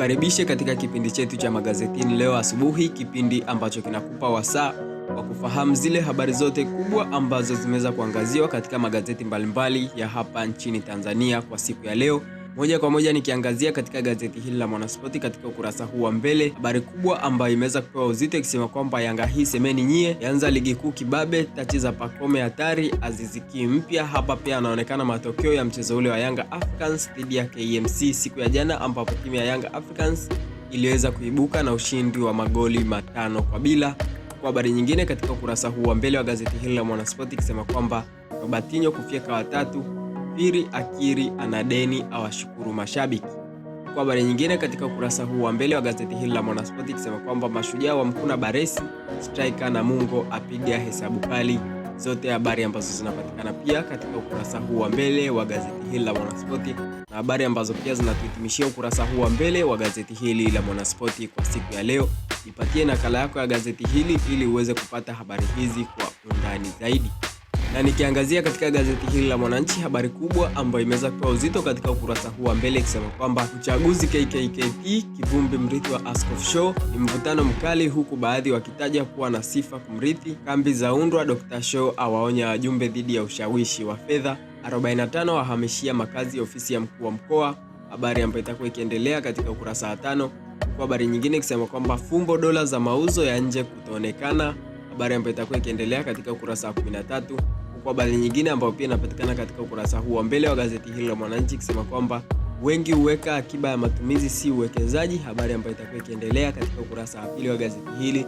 Nikukaribishe katika kipindi chetu cha magazetini leo asubuhi, kipindi ambacho kinakupa wasaa wa kufahamu zile habari zote kubwa ambazo zimeweza kuangaziwa katika magazeti mbalimbali ya hapa nchini Tanzania kwa siku ya leo. Moja kwa moja nikiangazia katika gazeti hili la Mwanaspoti katika ukurasa huu wa mbele, habari kubwa ambayo imeweza kupewa uzito ikisema kwamba Yanga hii semeni nyie, yaanza ligi kuu kibabe, tachi za pakome hatari, Aziziki mpya hapa. Pia anaonekana matokeo ya mchezo ule wa Yanga Africans dhidi ya KMC siku ya jana, ambapo timu ya Yanga Africans iliweza kuibuka na ushindi wa magoli matano kwa bila. Kwa habari nyingine katika ukurasa huu wa mbele wa gazeti hili la Mwanaspoti ikisema kwamba Robertinho kufyeka watatu Mhubiri akiri ana deni, awashukuru mashabiki. Kwa habari nyingine katika ukurasa huu wa mbele wa gazeti hili la Mwanaspoti ikisema kwamba mashujaa wa mkuna Baresi, striker na Mungo apiga hesabu kali, zote habari ambazo zinapatikana pia katika ukurasa huu wa mbele wa gazeti hili la Mwanaspoti na habari ambazo pia zinatuhitimishia ukurasa huu wa mbele wa gazeti hili la Mwanaspoti kwa siku ya leo. Ipatie nakala yako ya gazeti hili ili uweze kupata habari hizi kwa undani zaidi. Na nikiangazia katika gazeti hili la Mwananchi, habari kubwa ambayo imeweza kupewa uzito katika ukurasa huu wa mbele ikisema kwamba uchaguzi KKKP, Kivumbi mrithi wa Askofu Show, ni mvutano mkali, huku baadhi wakitaja kuwa na sifa kumrithi. Kambi undwa, Dr. Show awaonya wajumbe dhidi ya ushawishi wa fedha. 45 wahamishia makazi ya ofisi ya mkuu wa mkoa, habari ambayo itakuwa ikiendelea katika ukurasa wa tano, huku habari nyingine ikisema kwamba fumbo dola za mauzo ya nje kutoonekana, habari ambayo itakuwa ikiendelea katika ukurasa wa 13. Kwa habari nyingine ambayo pia inapatikana katika ukurasa huu wa mbele wa gazeti hili la Mwananchi ikisema kwamba wengi huweka akiba ya matumizi si uwekezaji, habari ambayo itakuwa ikiendelea katika ukurasa wa pili wa gazeti hili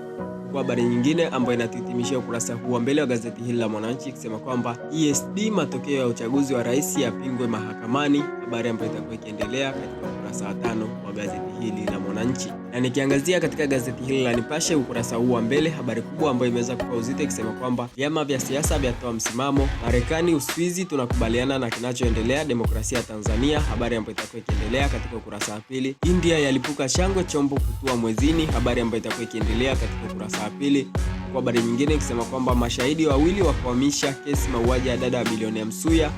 kwa habari nyingine ambayo inatuhitimishia ukurasa huu wa mbele wa gazeti hili la Mwananchi ikisema kwamba ESD matokeo ya uchaguzi wa rais yapingwe mahakamani, habari ambayo itakuwa ikiendelea katika ukurasa saa tano wa gazeti hili la Mwananchi, na nikiangazia katika gazeti hili la Nipashe ukurasa huu wa mbele, habari kubwa ambayo imeweza kupa uzito ikisema kwamba vyama vya siasa vyatoa msimamo, Marekani, Uswizi tunakubaliana na kinachoendelea, demokrasia ya Tanzania, habari ambayo itakuwa ikiendelea katika ukurasa wa pili. India yalipuka shangwe, chombo kutua mwezini, habari ambayo itakuwa ikiendelea katika ukurasa wa pili kwa habari nyingine ikisema kwamba mashahidi wawili wakwamisha kesi mauaji ya dada wa bilionea Msuya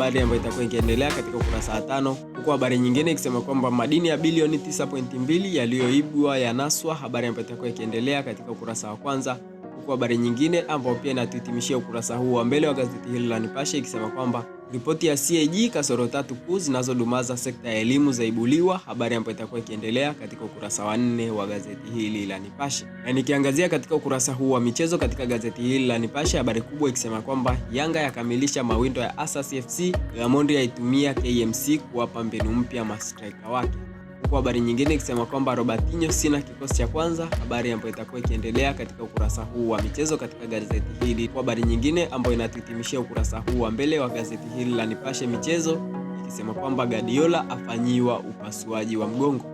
habari ambayo itakuwa ikiendelea katika ukurasa wa tano, huku habari nyingine ikisema kwamba madini ya bilioni 9.2 yaliyoibwa yanaswa, habari ambayo itakuwa ikiendelea katika ukurasa wa kwanza, huku habari nyingine ambayo pia inatuhitimishia ukurasa huu wa mbele wa gazeti hili la Nipashe ikisema kwamba Ripoti ya CAG kasoro tatu kuu zinazodumaza sekta ya elimu zaibuliwa, habari ambayo itakuwa ikiendelea katika ukurasa wa nne wa gazeti hili la Nipashe. Na nikiangazia katika ukurasa huu wa michezo katika gazeti hili la Nipashe, habari kubwa ikisema kwamba Yanga yakamilisha mawindo ya Asasi FC, Gamondi yaitumia KMC kuwapa mbinu mpya mastraika wake huku habari nyingine ikisema kwamba Robertinho sina kikosi cha kwanza, habari ambayo itakuwa ikiendelea katika ukurasa huu wa michezo katika gazeti hili. Kwa habari nyingine ambayo inatuhitimishia ukurasa huu wa mbele wa gazeti hili la Nipashe michezo ikisema kwamba Guardiola afanyiwa upasuaji wa mgongo.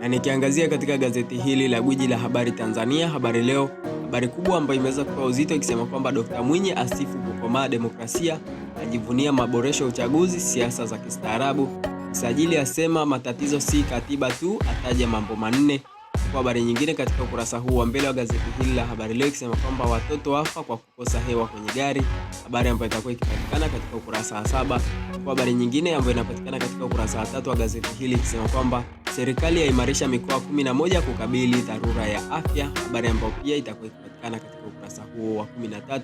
Na nikiangazia katika gazeti hili la gwiji la habari Tanzania, Habari Leo, habari kubwa ambayo imeweza kupewa uzito ikisema kwamba Dr. Mwinyi asifu kukomaa demokrasia, ajivunia maboresho ya uchaguzi, siasa za kistaarabu Msajili asema matatizo si katiba tu, ataja mambo manne. Kwa habari nyingine katika ukurasa huu wa mbele wa gazeti hili la Habari Leo ikisema kwamba watoto wafa kwa kukosa hewa kwenye gari, habari ambayo itakuwa ikipatikana katika ukurasa wa saba. Kwa habari nyingine ambayo inapatikana katika ukurasa wa tatu wa gazeti hili ikisema kwamba serikali yaimarisha mikoa 11 kukabili dharura ya afya, habari ambayo pia itakuwa ikipatikana katika ukurasa huo wa 13.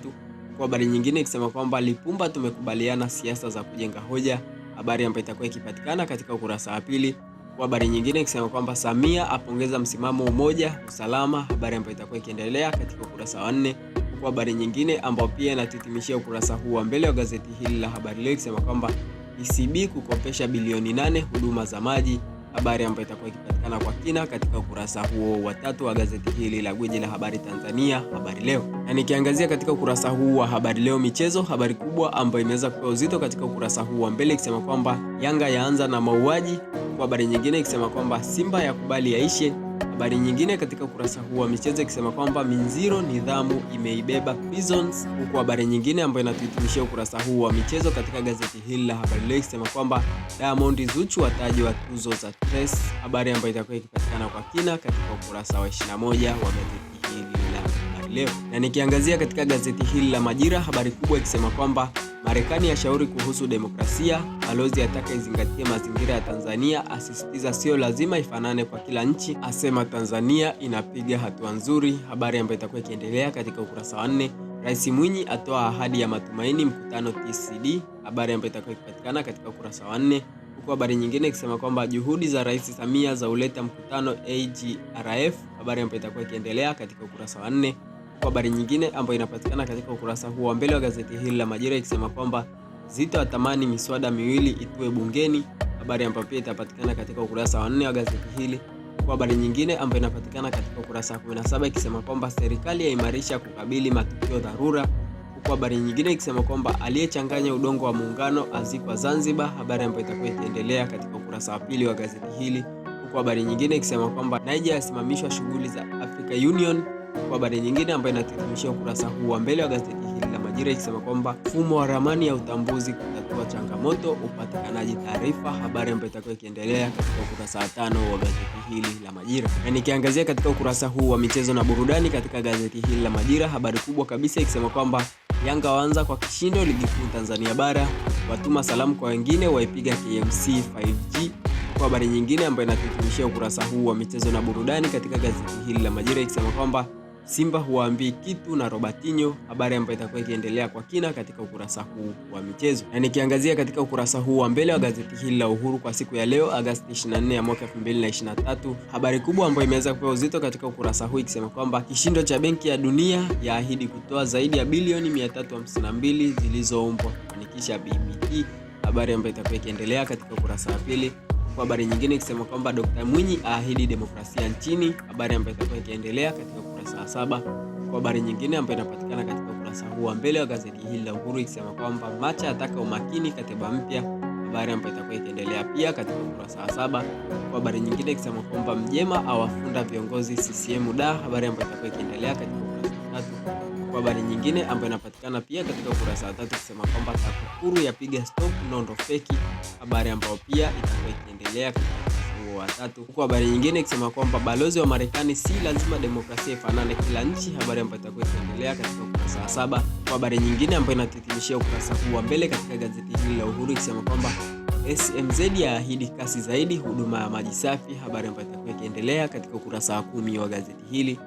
Kwa habari nyingine ikisema kwamba Lipumba tumekubaliana siasa za kujenga hoja habari ambayo itakuwa ikipatikana katika ukurasa wa pili wa habari nyingine ikisema kwamba Samia apongeza msimamo umoja usalama, habari ambayo itakuwa ikiendelea katika ukurasa wa nne kwa habari nyingine ambayo pia inatitimishia ukurasa huu wa mbele wa gazeti hili la Habari Leo ikisema kwamba ECB kukopesha bilioni nane huduma za maji habari ambayo itakuwa ikipatikana kwa kina katika ukurasa huo wa tatu wa gazeti hili la gwiji la habari Tanzania, Habari Leo. Na nikiangazia katika ukurasa huu wa Habari Leo michezo, habari kubwa ambayo imeweza kupewa uzito katika ukurasa huu wa mbele ikisema kwamba Yanga yaanza na mauaji, kwa habari nyingine ikisema kwamba Simba yakubali yaishe Habari nyingine katika ukurasa huu wa michezo ikisema kwamba Minziro nidhamu imeibeba Prisons, huku habari nyingine ambayo inatuhitimishia ukurasa huu wa michezo katika gazeti hili la Habari Leo ikisema kwamba Diamond Zuchu wataji wa tuzo za Tres, habari ambayo itakuwa ikipatikana kwa kina katika ukurasa wa 21 wa gazeti hili la Habari Leo. Na nikiangazia katika gazeti hili la Majira, habari kubwa ikisema kwamba Marekani yashauri kuhusu demokrasia, balozi ataka izingatie mazingira ya Tanzania, asisitiza sio lazima ifanane kwa kila nchi, asema Tanzania inapiga hatua nzuri, habari ambayo itakuwa ikiendelea katika ukurasa wa nne. Rais Mwinyi atoa ahadi ya matumaini mkutano TCD, habari ambayo itakuwa ikipatikana katika ukurasa wa nne, huku habari nyingine ikisema kwamba juhudi za Rais Samia za uleta mkutano AGRF, habari ambayo itakuwa ikiendelea katika ukurasa wa nne kwa habari nyingine ambayo inapatikana katika ukurasa huo wa mbele wa gazeti hili la Majira ikisema kwamba Zito atamani miswada miwili itue bungeni, habari ambayo pia itapatikana katika ukurasa wa nne wa gazeti hili kwa habari nyingine ambayo inapatikana katika ukurasa wa 17 ikisema kwamba serikali yaimarisha kukabili matukio dharura, huku habari nyingine ikisema kwamba aliyechanganya udongo wa muungano azikwa Zanzibar, habari ambayo itakuwa ikiendelea katika ukurasa wa pili wa gazeti hili, huku habari nyingine ikisema kwamba Niger yasimamishwa shughuli za Africa Union kwa habari nyingine ambayo inatuhitimishia ukurasa huu wa mbele wa gazeti hili la Majira ikisema kwamba mfumo wa ramani ya utambuzi kutatua changamoto upatikanaji taarifa, habari ambayo itakuwa ikiendelea katika ukurasa wa tano wa gazeti hili la Majira. Na nikiangazia katika ukurasa huu wa michezo na burudani katika gazeti hili la Majira, habari kubwa kabisa ikisema kwamba Yanga waanza kwa kishindo ligi kuu Tanzania Bara, watuma salamu kwa wengine, waipiga KMC 5G kwa habari nyingine ambayo inatuhitimishia ukurasa huu wa michezo na burudani katika gazeti hili la Majira ikisema kwamba Simba huwaambii kitu na Robertinho, habari ambayo itakuwa ikiendelea kwa kina katika ukurasa huu wa michezo. Na nikiangazia katika ukurasa huu wa mbele wa gazeti hili la Uhuru kwa siku ya leo Agosti 24 ya mwaka 2023, habari kubwa ambayo imeweza kupewa uzito katika ukurasa huu ikisema kwamba kishindo cha Benki ya Dunia yaahidi kutoa zaidi ya bilioni 352 zilizoombwa kufanikisha BBT, habari ambayo itakuwa ikiendelea katika ukurasa wa pili kwa habari nyingine ikisema kwamba Dkt. Mwinyi aahidi demokrasia nchini, habari ambayo itakuwa ikiendelea katika ukurasa wa saba, kwa habari nyingine ambayo inapatikana katika ukurasa huu wa mbele wa gazeti hili la Uhuru ikisema kwamba Macha ataka umakini katiba mpya, habari ambayo itakuwa ikiendelea pia katika ukurasa wa saba, kwa habari nyingine ikisema kwamba Mjema awafunda viongozi CCM da, habari ambayo itakuwa ikiendelea katika kwa habari nyingine ambayo inapatikana pia katika ukurasa wa tatu kusema kwamba TAKUKURU yapiga stop nondo feki, habari ambayo pia itakuwa ikiendelea katika wa tatu, huku habari nyingine ikisema kwamba balozi wa Marekani si lazima demokrasia ifanane kila nchi, habari ambayo itakuwa ikiendelea katika ukurasa wa saba, kwa habari nyingine ambayo inatuhitimishia ukurasa huu wa mbele katika gazeti hili la Uhuru ikisema kwamba SMZ yaahidi kasi zaidi huduma ya maji safi, habari ambayo itakuwa ikiendelea katika ukurasa wa kumi wa gazeti hili.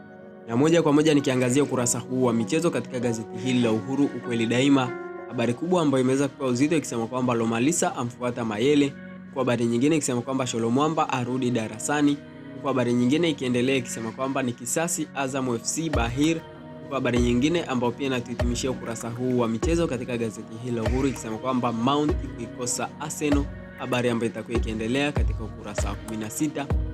Na moja kwa moja nikiangazia ukurasa huu wa michezo katika gazeti hili la Uhuru ukweli daima, habari kubwa ambayo imeweza kupewa uzito ikisema kwamba Lomalisa amfuata Mayele, huku habari nyingine ikisema kwamba Sholomwamba arudi darasani, huku habari nyingine ikiendelea ikisema kwamba ni kisasi Azam FC Bahir, huku habari nyingine ambayo pia inatuhitimishia ukurasa huu wa michezo katika gazeti hili la Uhuru ikisema kwamba Mount kuikosa Arsenal, habari ambayo itakuwa ikiendelea katika ukurasa wa 16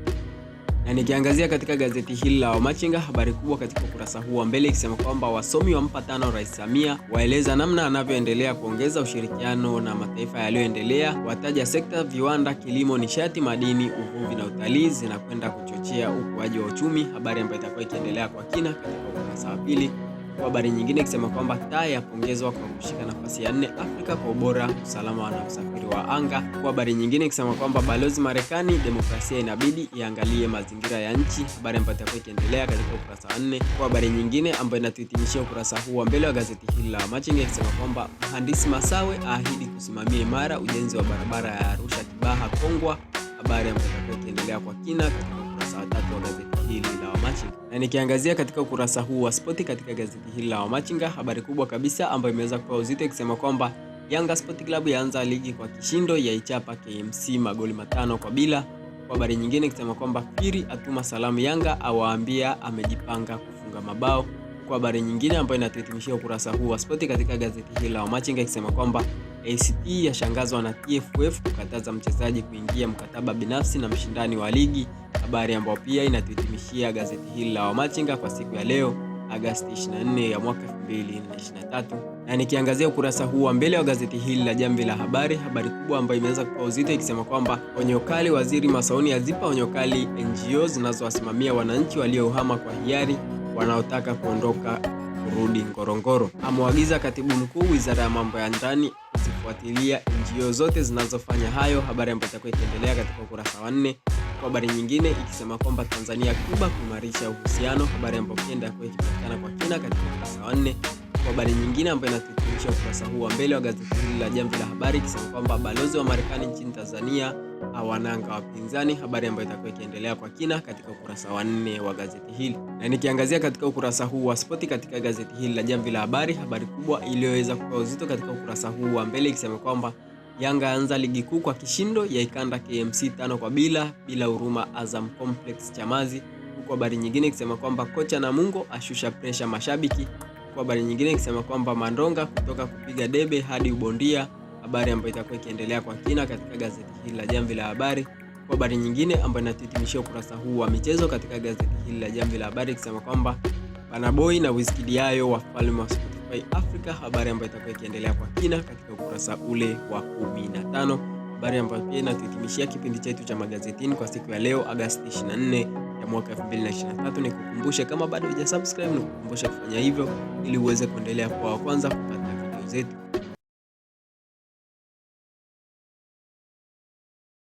na nikiangazia katika gazeti hili la Wamachinga, habari kubwa katika ukurasa huu wa mbele ikisema kwamba wasomi wampa tano Rais Samia, waeleza namna anavyoendelea kuongeza ushirikiano na mataifa yaliyoendelea, wataja sekta viwanda, kilimo, nishati, madini, uvuvi na utalii zinakwenda kuchochea ukuaji wa uchumi, habari ambayo itakuwa ikiendelea kwa kina katika ukurasa wa pili kwa habari nyingine ikisema kwamba TAA yapongezwa kwa kushika nafasi ya nne Afrika kwa ubora usalama na usafiri wa anga. Kwa habari nyingine ikisema kwamba balozi Marekani, demokrasia inabidi iangalie mazingira ya nchi, habari ambayo itakuwa ikiendelea katika ukurasa wa nne. Kwa habari nyingine ambayo inatuhitimishia ukurasa huu wa mbele wa gazeti hili la Wamachinga ikisema kwamba mhandisi Masawe aahidi kusimamia imara ujenzi wa barabara ya Arusha Kibaha Kongwa, habari ambayo itakuwa ikiendelea kwa kina katika ukurasa wa tatu wa gazeti hili la Wamachinga. Na nikiangazia katika ukurasa huu wa spoti katika gazeti hili la Wamachinga, habari kubwa kabisa ambayo imeweza kupewa uzito ikisema kwamba Yanga Sport Club yaanza ligi kwa kishindo, yaichapa KMC magoli matano kwa bila. Kwa habari nyingine ikisema kwamba Piri atuma salamu Yanga, awaambia amejipanga kufunga mabao. Kwa habari nyingine ambayo inatuhitimishia ukurasa huu wa spoti katika gazeti hili la Wamachinga ikisema kwamba ACT yashangazwa na TFF kukataza mchezaji kuingia mkataba binafsi na mshindani wa ligi habari ambayo pia inatuhitimishia gazeti hili la Wamachinga kwa siku ya leo Agosti 24 ya mwaka 2023 na nikiangazia ukurasa huu wa mbele wa gazeti hili la Jamvi la Habari, habari kubwa ambayo imeweza kupewa uzito ikisema kwamba onyo kali, Waziri Masauni azipa onyo kali NGO zinazowasimamia wananchi waliohama kwa hiari wanaotaka kuondoka kurudi Ngorongoro. Amwagiza katibu mkuu wizara ya mambo ya ndani kuzifuatilia NGO zote zinazofanya hayo, habari ambayo itakuwa ikiendelea katika ukurasa wa nne kwa habari nyingine ikisema kwamba Tanzania Kuba kuimarisha uhusiano, habari ambayo ukienda kupatikana kwa kina katika ukurasa wa nne. Kwa habari nyingine ambayo inatutumisha ukurasa huu wa mbele wa gazeti hili la Jamvi la Habari ikisema kwamba balozi wa Marekani nchini Tanzania awananga wapinzani, habari ambayo itakuwa ikiendelea kwa kina katika ukurasa wa nne wa gazeti hili. Na nikiangazia katika ukurasa huu wa spoti katika gazeti hili la Jamvi la Habari, habari kubwa iliyoweza kupewa uzito katika ukurasa huu wa mbele ikisema kwamba Yanga anza ligi kuu kwa kishindo, yaikanda KMC tano kwa bila bila huruma Azam Complex Chamazi. Huku habari nyingine ikisema kwamba kocha Namungo ashusha presha mashabiki, huku habari nyingine ikisema kwamba Mandonga kutoka kupiga debe hadi ubondia, habari ambayo itakuwa ikiendelea kwa kina katika gazeti hili la Jamvi la Habari. Habari nyingine ambayo inatitimishia ukurasa huu wa michezo katika gazeti hili la Jamvi la Habari ikisema kwamba Banaboy na Wizkid Yayo wafalme wa Spotify Africa, habari ambayo itakuwa ikiendelea kwa kina katika ukurasa ule wa 15, habari ambayo pia inatuhitimishia kipindi chetu cha magazetini kwa siku ya leo Agosti 24 ya mwaka 2023. Nikukumbushe kama bado hujasubscribe, nikukumbushe kufanya hivyo ili uweze kuendelea kwa wa kwanza kupata video zetu.